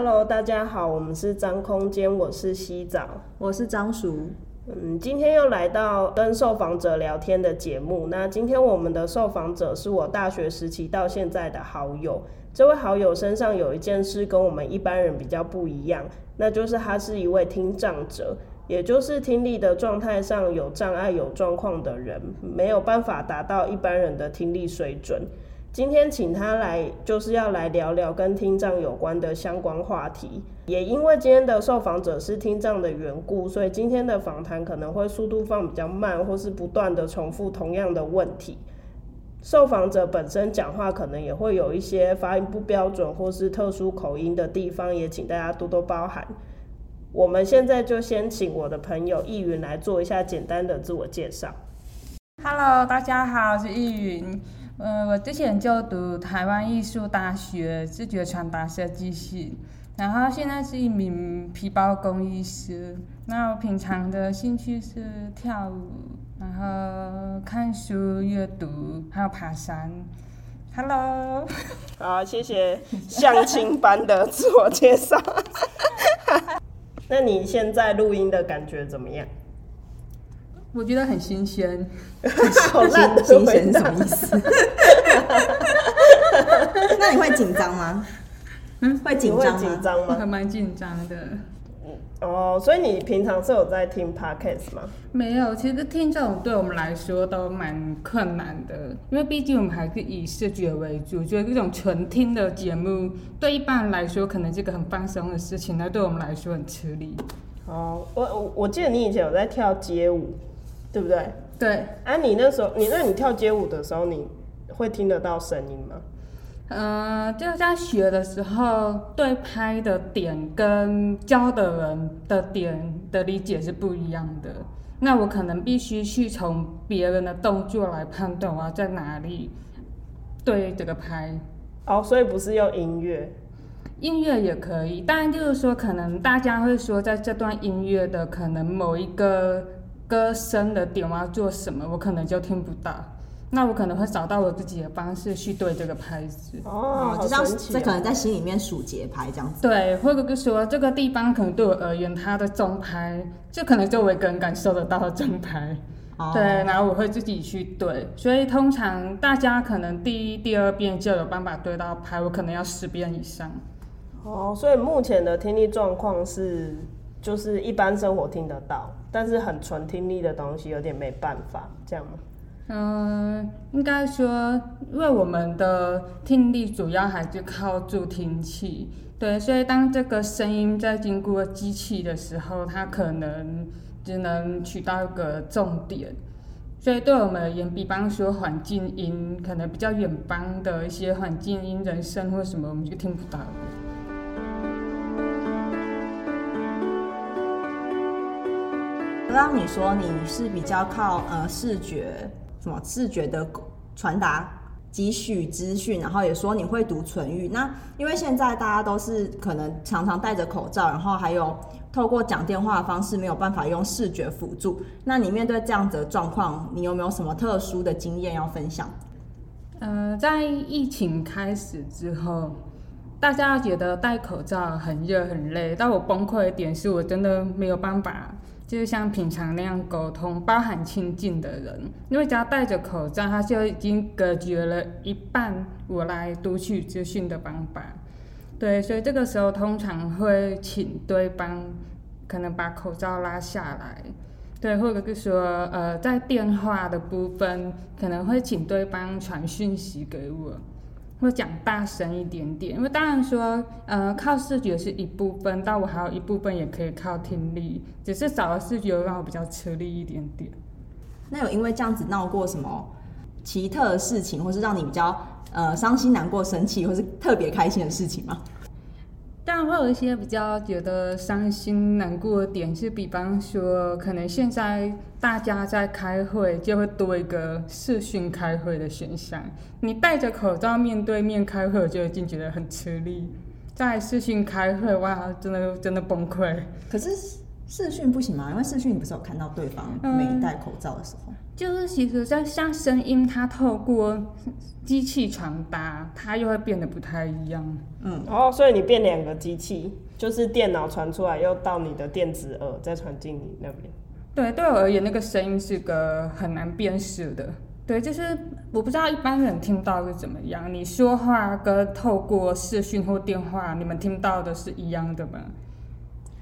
Hello，大家好，我們是髒空間，我是西早，我是張叔。嗯，今天又來到跟受訪者聊天的節目。那今天我們的受訪者是我大學時期到現在的好友。這位好友身上有一件事跟我們一般人比較不一樣，那就是他是一位聽障者，也就是聽力的狀態上有障礙、有狀況的人，沒有辦法達到一般人的聽力水準。今天請他來，就是要來聊聊跟聽障有關的相關話題。也因為今天的受訪者是聽障的緣故，所以今天的訪談可能會速度放比較慢，或是不斷的重複同樣的問題。受訪者本身講話可能也會有一些發音不標準或是特殊口音的地方，也請大家多多包涵。我們現在就先請我的朋友翊筠來做一下簡單的自我介紹。Hello，大家好，我是翊筠。呃，我之前就讀台灣藝術大學視覺傳達設計系，然後現在是一名皮包工藝師。那我平常的興趣是跳舞，然後看書閱讀，還有爬山。Hello，好，謝謝相親般的自我介紹。那你現在錄音的感覺怎麼樣？我覺得很新鮮，很新 好的新新鮮是什麼意思？ 那你會緊張嗎？嗯，會緊會緊張嗎？我還蠻緊張的。哦，所以你平常是有在聽 Podcast 嗎？沒有，其實聽這種對我們來說都蠻困難的，因為畢竟我們還是以視覺為主，覺得這種純聽的節目對一般人來說可能是一個很放鬆的事情，那對我們來說很吃力。哦，我我記得你以前有在跳街舞。對不對？對。啊，你那時候，你那你跳街舞的時候，你會聽得到聲音嗎？呃，就是在學的時候，對拍的點跟教的人的點的理解是不一樣的。那我可能必須去從別人的動作來判斷，啊，我要在哪裡對這個拍。哦，所以不是用音樂？音樂也可以，但就是說，可能大家會說，在這段音樂的可能某一個。歌聲的點我要做什麼，我可能就聽不到，那我可能會找到我自己的方式去對這個拍子哦。這，啊、這可能在心裡面數節拍這樣子。對，或者說這個地方可能對我而言，它的重拍，就可能就我一個人感受得到的重拍，哦、對，然後我會自己去對。所以通常大家可能第一、第二遍就有辦法對到拍，我可能要十遍以上。哦，所以目前的聽力狀況是？就是一般生活聽得到，但是很純聽力的東西有點沒辦法，這樣嗎？嗯，應該說，因為我們的聽力主要還是靠助聽器，對，所以當這個聲音在經過機器的時候，它可能只能取到一個重點，所以對我們而言，比方說環境音，可能比較遠方的一些環境音、人聲或什麼，我們就聽不到。剛剛你說你是比較靠呃視覺，什麼視覺的傳達汲取資訊，然後也說你會讀唇語。那因為現在大家都是可能常常戴着口罩，然後還有透過講電話的方式沒有辦法用視覺輔助。那你面對這樣子的狀況，你有沒有什麼特殊的經驗要分享？呃，在疫情開始之後，大家覺得戴口罩很熱很累。但我崩潰的點是我真的沒有辦法。就是像平常那樣溝通，包含親近的人，因為只要戴着口罩，他就已經隔絕了一半我來讀取資訊的方法。對，所以這個時候通常會請對方可能把口罩拉下來，對，或者是說呃，在電話的部分可能會請對方傳訊息給我。會講大聲一點點，因為當然說，呃，靠視覺是一部分，但我還有一部分也可以靠聽力，只是少了視覺，讓我比較吃力一點點。那有因為這樣子鬧過什麼奇特的事情，或是讓你比較，呃，傷心、難過、生氣，或是特別開心的事情嗎？這樣會有一些比較覺得傷心、難過的點是，比方說，可能現在大家在開會，就會多一個視訊開會的選項。你戴着口罩面對面開會，我就已經覺得很吃力，在視訊開會，哇，真的真的崩潰。可是。視訊不行嗎？因為視訊你不是有看到對方、嗯、沒戴口罩的時候？就是其實，就像聲音，它透過機器傳達，它又會變得不太一樣。嗯，哦，所以你變兩個機器，就是電腦傳出來，又到你的電子耳，再傳進你那邊。對，對我而言，那個聲音是個很難辨識的。對，就是我不知道一般人聽到是怎麼樣。你說話跟透過視訊或電話，你們聽到的是一樣的嗎？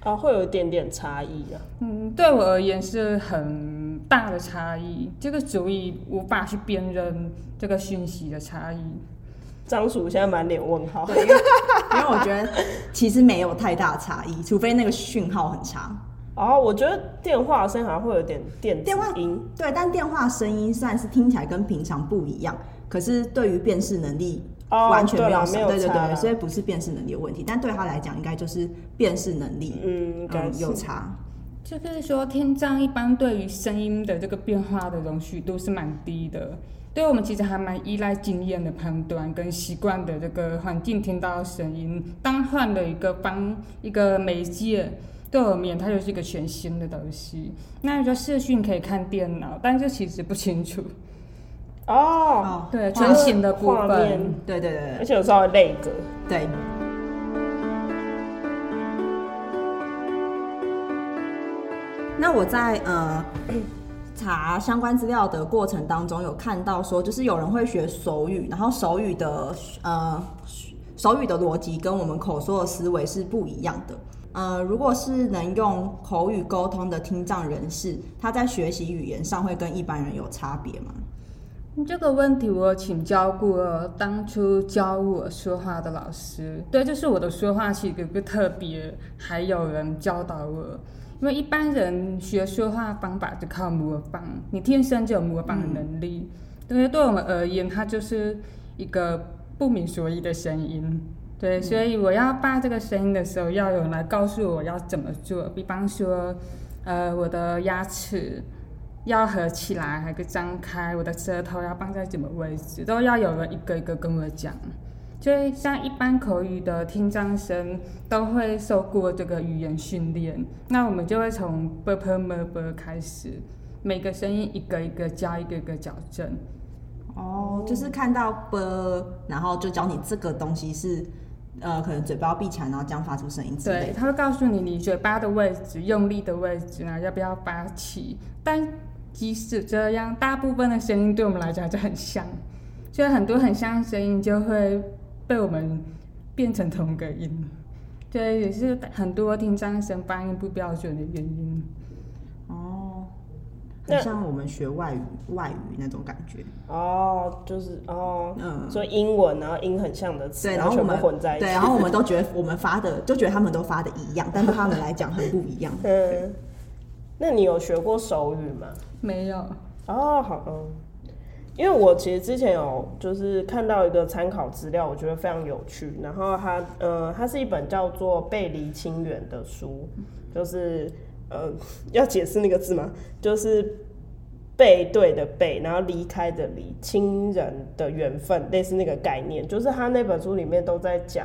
啊，會有一點點差異啊。嗯，對我而言是很大的差異，這個足以無法去辨認這個訊息的差異。張鼠現在滿臉問號。因為我覺得其實沒有太大差異， 除非那個訊號很差。哦、啊，我覺得電話聲好像會有點電電話音對，但電話聲音算是聽起來跟平常不一樣，可是對於辨識能力。Oh, 完全沒有錯，對，了對對對，有，所以不是辨識能力有問題，但對他來講應該就是辨識能力嗯有、嗯、有差，就是說聽障一般對於聲音的這個變化的容許度是蠻低的，對我們其實還蠻依賴經驗的判斷跟習慣的這個環境聽到聲音，當換了一個方一個媒介後面，它就是一個全新的東西。那就說視訊可以看電腦，但是其實不清楚。哦，oh, oh, 對，全景的畫面，對對對，而且有稍微累格。對。那我在呃查相關資料的過程當中，有看到說，就是有人會學手語，然後手語的呃手語的邏輯跟我們口說的思維是不一樣的。呃，如果是能用口語溝通的聽障人士，他在學習語言上會跟一般人有差別嗎？這個問題我請教過當初教我說話的老師，對，就是我的說話是一個特別，還有人教導我，因為一般人學說話的方法就靠模仿，你天生就有模仿的能力，但是、嗯、對，對我們而言，它就是一個不明所以的聲音，對，嗯、所以我要發這個聲音的時候，要有人來告訴我要怎麼做，比方說，呃，我的牙齒。要合起來還是張開？我的舌頭要放在什麼位置？都要有人一個一個跟我講。所以像一般口語的聽障生都會受過這個語言訓練，那我們就會從 “b”、“p”、“m”、“b”, b 開始，每個聲音一個一個教，一個一個矯正。哦，oh, 就是看到 “b”，ub, 然後就教你這個東西是，呃，可能嘴巴閉起來，然後這樣發出聲音之類。對，他會告訴你你嘴巴的位置、用力的位置，然後要不要發氣，但。即使這樣，大部分的聲音對我們來講就很像，就很多很像的聲音就會被我們變成同一個音，這也是很多聽障生發音不標準的原因。哦，很像我們學外語、嗯、外語那種感覺。哦，就是哦，嗯，所以英文然後音很像的詞，然後我們然後全部混在一起對，然後我們都覺得我們發的， 就覺得他們都發的一樣，但是他們來講 很不一樣。對嗯。那你有學過手語嗎？沒有。哦，好。嗯，因為我其實之前有就是看到一個參考資料，我覺得非常有趣。然後它，呃，它是一本叫做《背離親緣》的書，就是呃，要解釋那個字嗎？就是背對的背，然後離開的離，親人的緣分，類似那個概念。就是他那本書裡面都在講。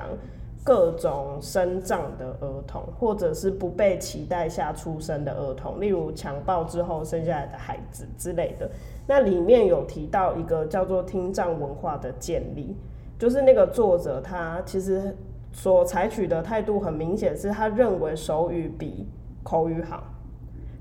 各種身障的兒童，或者是不被期待下出生的兒童，例如強暴之後生下來的孩子之類的。那裡面有提到一個叫做聽障文化的建立，就是那個作者他其實所採取的態度很明顯是，他認為手語比口語好，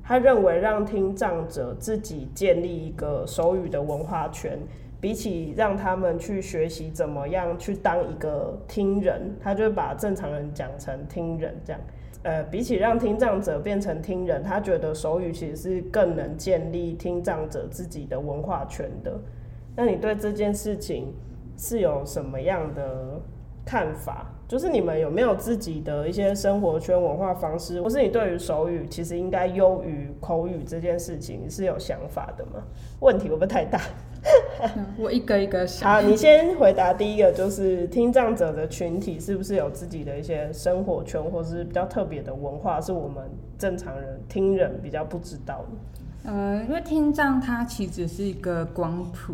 他認為讓聽障者自己建立一個手語的文化圈，比起讓他們去學習怎麼樣去當一個聽人，他就會把正常人講成聽人這樣。呃，比起讓聽障者變成聽人，他覺得手語其實是更能建立聽障者自己的文化圈的。那你對這件事情是有什麼樣的看法？就是你們有沒有自己的一些生活圈文化方式？或是你對於手語其實應該優於口語這件事情，你是有想法的嗎？問題會不會太大？ 我一個一個想。 好，你先回答第一個，就是聽障者的群體是不是有自己的一些生活圈，或是比較特別的文化，是我們正常人聽人比較不知道的？呃，因為聽障它其實是一個光譜，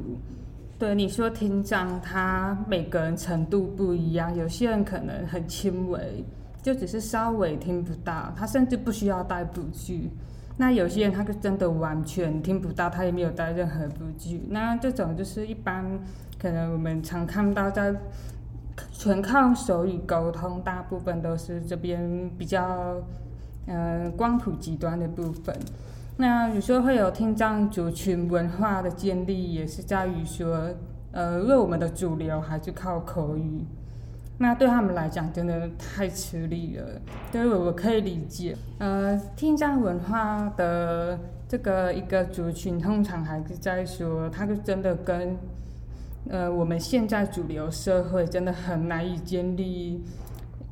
對，你說聽障，他每個人程度不一樣，有些人可能很輕微，就只是稍微聽不到，他甚至不需要帶輔具。那有些人他真的完全聽不到，他也沒有帶任何輔具。那這種就是一般可能我們常看到在全靠手語溝通，大部分都是這邊比較嗯、呃、光譜極端的部分。那有時候會有聽障族群文化的建立，也是在於說呃，因為我們的主流還是靠口語。那對他們來講真的太吃力了，對我可以理解。呃，聽障文化的這個一個族群通常還是在說，他是真的跟，呃，我們現在主流社會真的很難以建立，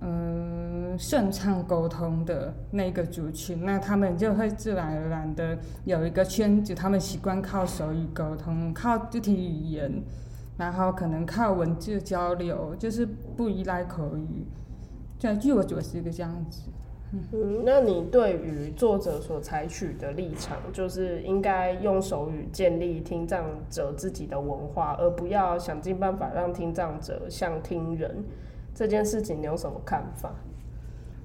嗯、呃，順暢溝通的那個族群，那他們就會自然而然的有一個圈子，他們習慣靠手語溝通，靠肢體語言。然後可能靠文字交流，就是不依賴口語，這樣，據我覺得是這個樣子。嗯，嗯，那你對於作者所採取的立場，就是應該用手語建立聽障者自己的文化，而不要想盡辦法讓聽障者像聽人，這件事情，你有什麼看法？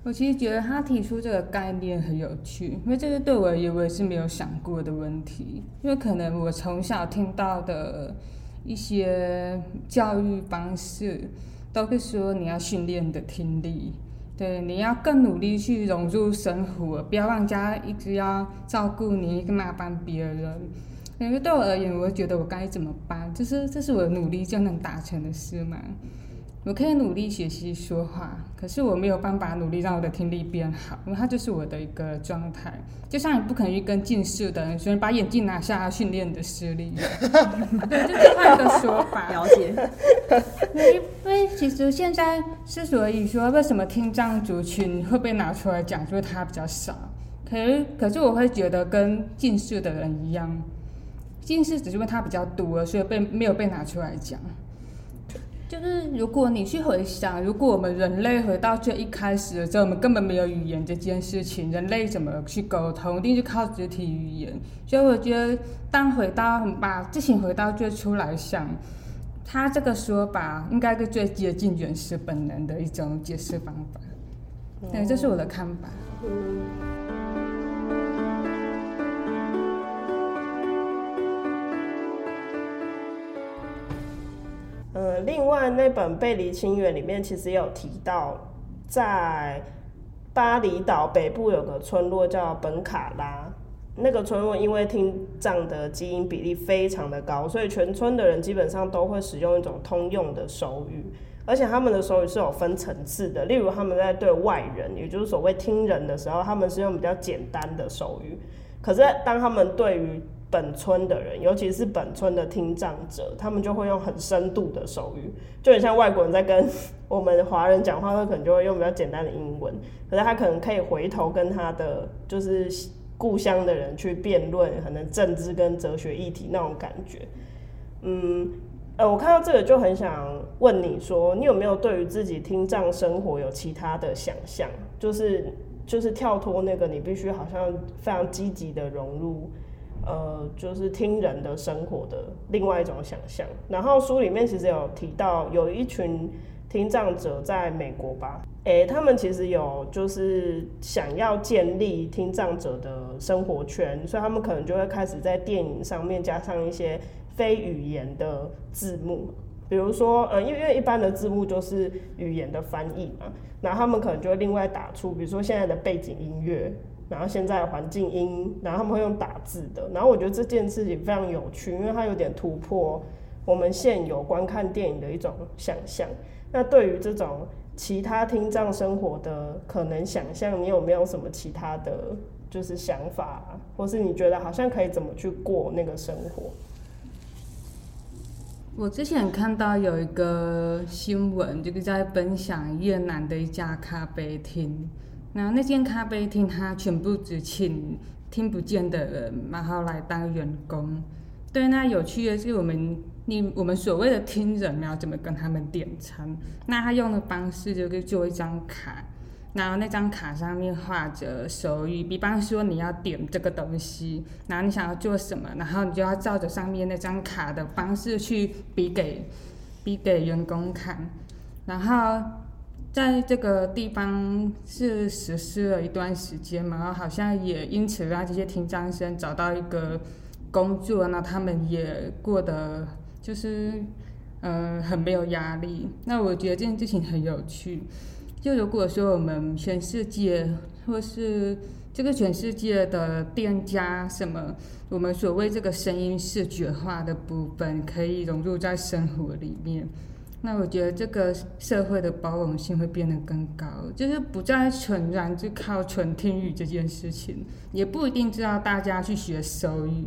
我其實覺得他提出這個概念很有趣，因為這個對我而言，我也是沒有想過的問題，因為可能我從小聽到的。一些教育方式，都會說你要訓練你的聽力，對，你要更努力去融入生活，不要讓人家一直要照顧你，麻煩別人。因為對我而言，我覺得我該怎麼辦？就是這是我的努力就能達成的事嘛。我可以努力學習說話，可是我沒有辦法努力讓我的聽力變好，因為它就是我的一個狀態。就像你不可能去跟近視的人，所以你把眼鏡拿下訓練你的視力。 對，這、就是換一個說法。了解。因為其實現在之所以說為什麼聽障族群會被拿出來講，就是他比較少。可是，可是我會覺得跟近視的人一樣，近視只是因為他比較多，所以被沒有被拿出來講。就是如果你去回想，如果我們人類回到最一開始的時候，我們根本沒有語言這件事情，人類怎麼去溝通，一定是靠肢體語言。所以我覺得，當回到把事情回到最初來想，他這個說法應該是最接近原始本能的一種解釋方法。嗯 Yeah.，這是我的看法。嗯、另外那本《背離親緣》裡面其實也有提到，在巴厘島北部有個村落叫本卡拉，那個村落因為聽障的基因比例非常的高，所以全村的人基本上都會使用一種通用的手語，而且他們的手語是有分層次的。例如他們在對外人，也就是所謂聽人的時候，他們是用比較簡單的手語；可是當他們對於本村的人，尤其是本村的聽障者，他們就會用很深度的手語，就很像外國人在跟我們華人講話，他可能就會用比較簡單的英文。可是他可能可以回頭跟他的就是故鄉的人去辯論，可能政治跟哲學議題那種感覺。嗯，呃，我看到這個就很想問你說，你有沒有對於自己聽障生活有其他的想象？就是就是跳脫那個，你必須好像非常積極的融入。呃，就是聽人的生活的另外一種想象。然後書裡面其實有提到，有一群聽障者在美國吧，誒、欸，他們其實有就是想要建立聽障者的生活圈，所以他們可能就會開始在電影上面加上一些非語言的字幕，比如說，嗯，因為一般的字幕就是語言的翻譯嘛，然後他們可能就會另外打出，比如說現在的背景音樂。然後現在環境音，然後他們會用打字的。然後我覺得這件事情非常有趣，因為它有點突破我們現有觀看電影的一種想象。那對於這種其他聽障生活的可能想象，你有沒有什麼其他的就是想法，或是你覺得好像可以怎麼去過那個生活？我之前看到有一個新聞，就是在分享越南的一家咖啡廳。然後那間咖啡廳，它全部只請聽不見的人，然後來當員工。對，那有趣的是，我們你我們所謂的聽人，然後怎麼跟他們點餐？那他用的方式就是做一張卡，然後那張卡上面畫着手語。比方說你要點這個東西，然後你想要做什麼，然後你就要照着上面那張卡的方式去比給比給員工看，然後。在這個地方是實施了一段時間嘛，然後好像也因此讓這些聽障生找到一個工作，那他們也過得就是呃很沒有壓力。那我覺得這件事情很有趣，就如果說我們全世界，或是這個全世界的店家什麼，我們所謂這個聲音視覺化的部分，可以融入在生活裡面。那我覺得這個社會的包容性會變得更高，就是不再純然就靠純聽語這件事情，也不一定知道大家去學手語，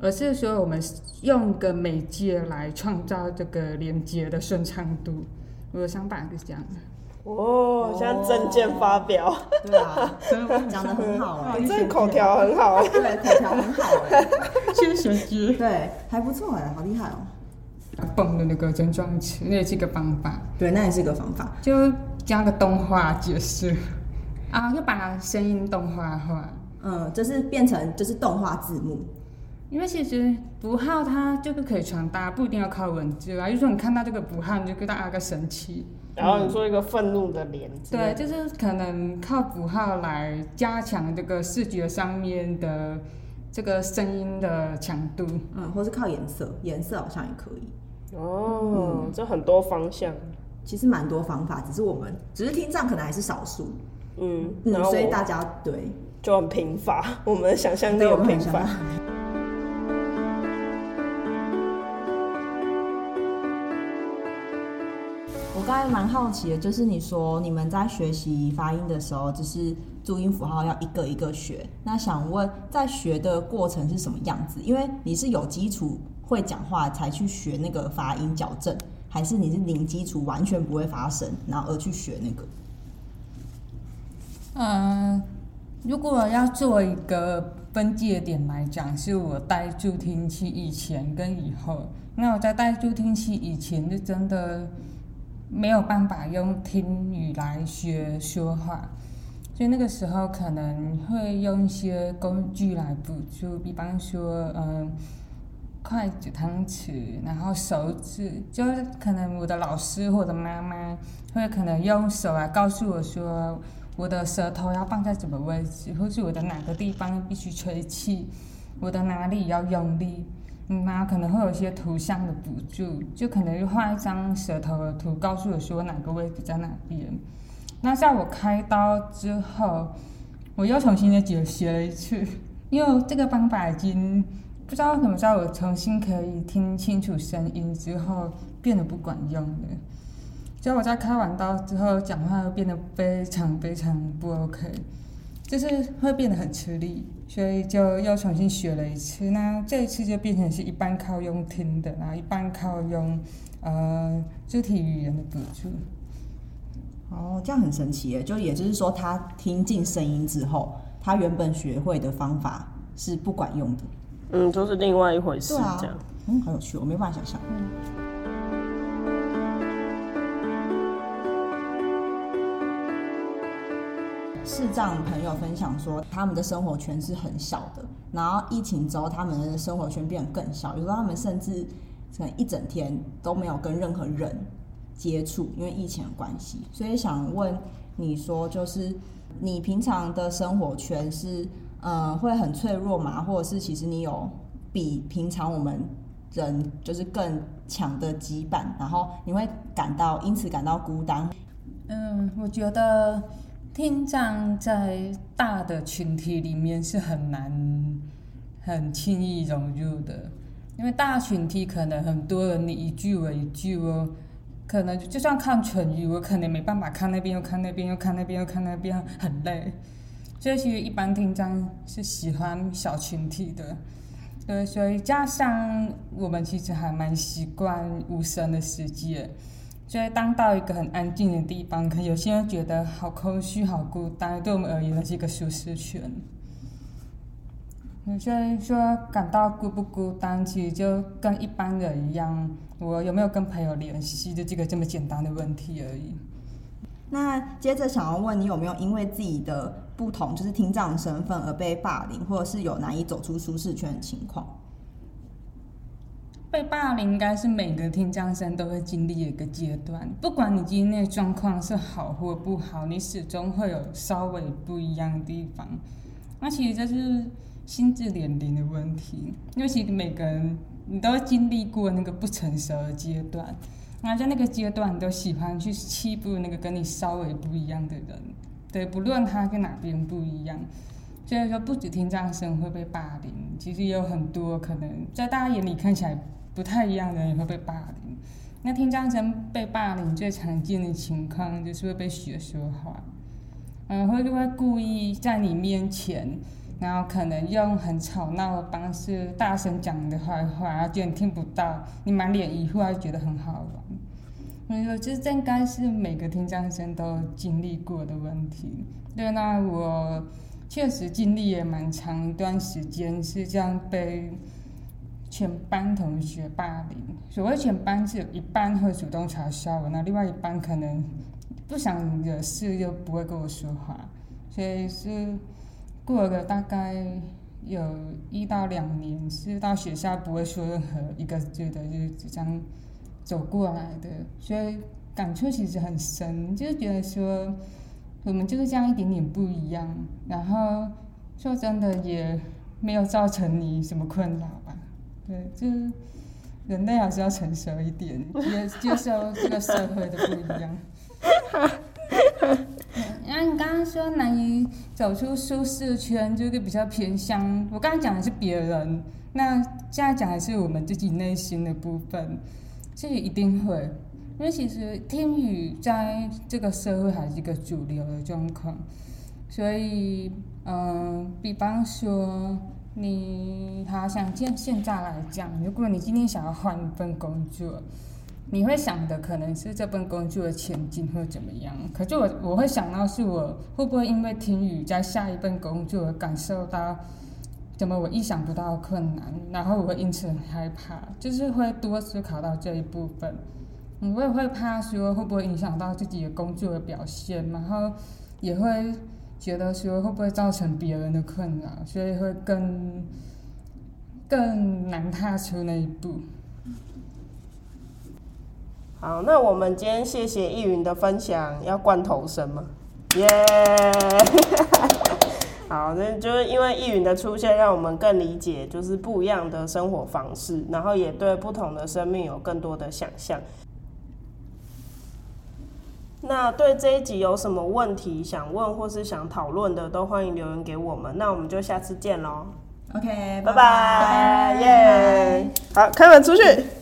而是說我們用個媒介來創造這個連接的順暢度。我的想法就是這樣。哦，像政見發表、哦，對啊，講的很好，這口條很好，對，口條很好，謝謝小芝， 對，還不錯哎，好厲害哦、喔。啊、蹦的那個狀聲詞，那也是一個方法。對，那也是一個方法，就加個動畫解釋。啊，就把聲音動畫化。嗯，就是變成就是動畫字幕。因為其實符號它就是可以傳達，不一定要靠文字啊。就是、說你看到這個符號，你就給大家一個神器。然後你做一個憤怒的臉、嗯。對，就是可能靠符號來加強這個視覺上面的這個聲音的強度。嗯，或是靠顏色，顏色好像也可以。哦，嗯，這很多方向，其實蠻多方法，只是我們只是聽障可能還是少數，嗯，嗯，然後所以大家對就很貧乏，我們想象力很貧乏。我， 我剛才蠻好奇的，就是你說你們在學習發音的時候，就是注音符號要一個一個學，那想問在學的過程是什麼樣子？因為你是有基礎。會講話才去學那個發音矯正，還是你是零基礎，完全不會發聲，然後而去學那個？嗯、呃，如果要做一個分界點來講，是我戴助聽器以前跟以後。那我在戴助聽器以前，就真的沒有辦法用聽語來學說話，所以那個時候可能會用一些工具來輔助，比方說，嗯、呃。筷子、湯匙，然後手指，就是可能我的老師或者媽媽會可能用手來告訴我說，我的舌頭要放在什麼位置，或者是我的哪個地方必須吹氣，我的哪裡要用力，然後可能會有一些圖像的輔助，就可能畫一張舌頭的圖，告訴我說哪個位置在哪邊。那在我開刀之後，我又重新的解學了一次，因為這個方法已經。不知道怎麼着，我重新可以聽清楚聲音之後，變得不管用了。就我在開完刀之後，講話又變得非常非常不 OK，就是會變得很吃力，所以就又重新學了一次。那這一次就變成是一半靠用聽的，然後一半靠用呃肢體語言的輔助。哦，這樣很神奇耶！就也就是說，他聽進聲音之後，他原本學會的方法是不管用的。嗯，就是另外一回事。對啊，這樣。嗯，好有趣，我沒辦法想象嗯，視障朋友分享說，他們的生活圈是很小的，然後疫情之後，他們的生活圈變得更小。有時候他們甚至可能一整天都沒有跟任何人接觸，因為疫情的關係。所以想問你說，就是你平常的生活圈是？呃，會很脆弱嘛，或者是其實你有比平常我們人就是更強的羈絆，然後你會感到因此感到孤單。嗯，我覺得聽障在大的群體裡面是很難很輕易融入的，因為大群體可能很多人你一句我一句哦，可能就算看唇語，我可能沒辦法看那邊又看那邊又看那邊又看那邊，又看那邊，很累。所以其實一般聽障是喜歡小群體的，對，所以加上我們其實還蠻習慣無聲的世界。所以當到一個很安靜的地方，可能有些人覺得好空虛、好孤單，對我們而言是一個舒適圈。有些人說感到孤不孤單，其實就跟一般人一樣，我有沒有跟朋友聯繫的這個這麼簡單的問題而已。那接着想要問你，有沒有因為自己的？不同就是聽障身份而被霸凌，或者是有難以走出舒適圈的情況。被霸凌應該是每個聽障生都會經歷的一個階段，不管你今天的狀況是好或不好，你始終會有稍微不一樣的地方。那其實這是心智年齡的問題，因為其實每個人你都經歷過那個不成熟的階段，那在那個階段你都喜歡去欺負那個跟你稍微不一樣的人。對，不論他跟哪邊不一樣，所以說不止聽障生會被霸凌，其實也有很多可能在大家眼裡看起來不太一樣的人也會被霸凌。那聽障生被霸凌最常見的情況就是會被學說話，嗯、呃，會不會故意在你面前，然後可能用很吵鬧的方式大聲講你的壞話，而就你聽不到，你滿臉疑惑，還覺得很好玩。我跟你說，這應該是每個聽障生都經歷過的問題。對，那我確實經歷也蠻長一段時間是這樣被全班同學霸凌。所謂全班只有一半會主動嘲笑我，那另外一半可能不想惹事又不會跟我說話，所以是過了大概有一到兩年是到學校不會說任何一個字的，就是這樣。走過來的，所以感觸其實很深，就是覺得說，我們就是這樣一點點不一樣。然後說真的，也沒有造成你什麼困擾吧、啊？對，就是人類還是要成熟一點，也接受這個社會的不一樣。那 你剛剛說難以走出舒適圈，就是比較偏向。我剛剛講的是別人，那現在講的是我們自己內心的部分。這一定會，因為其實聽語在這個社會還是一個主流的狀況，所以，嗯、呃，比方說，你好，他像現在來講，如果你今天想要換一份工作，你會想的可能是這份工作的前景或怎麼樣，可是我我會想到是我會不會因為聽語在下一份工作而感受到。怎麼我意想不到的困難，然後我會因此很害怕，就是會多思考到這一部分。我也會怕說會不會影響到自己的工作的表現，然後也會覺得說會不會造成別人的困擾，所以會更更難踏出那一步。好，那我們今天謝謝翊筠的分享，要罐頭聲嗎？耶、yeah! 好，那就是因為翊筠的出現，讓我們更理解，就是不一樣的生活方式，然後也對不同的生命有更多的想象。那對這一集有什麼問題想問或是想討論的，都歡迎留言給我們。那我們就下次見咯。OK，拜拜。耶，yeah. bye bye. 好，開門出去。嗯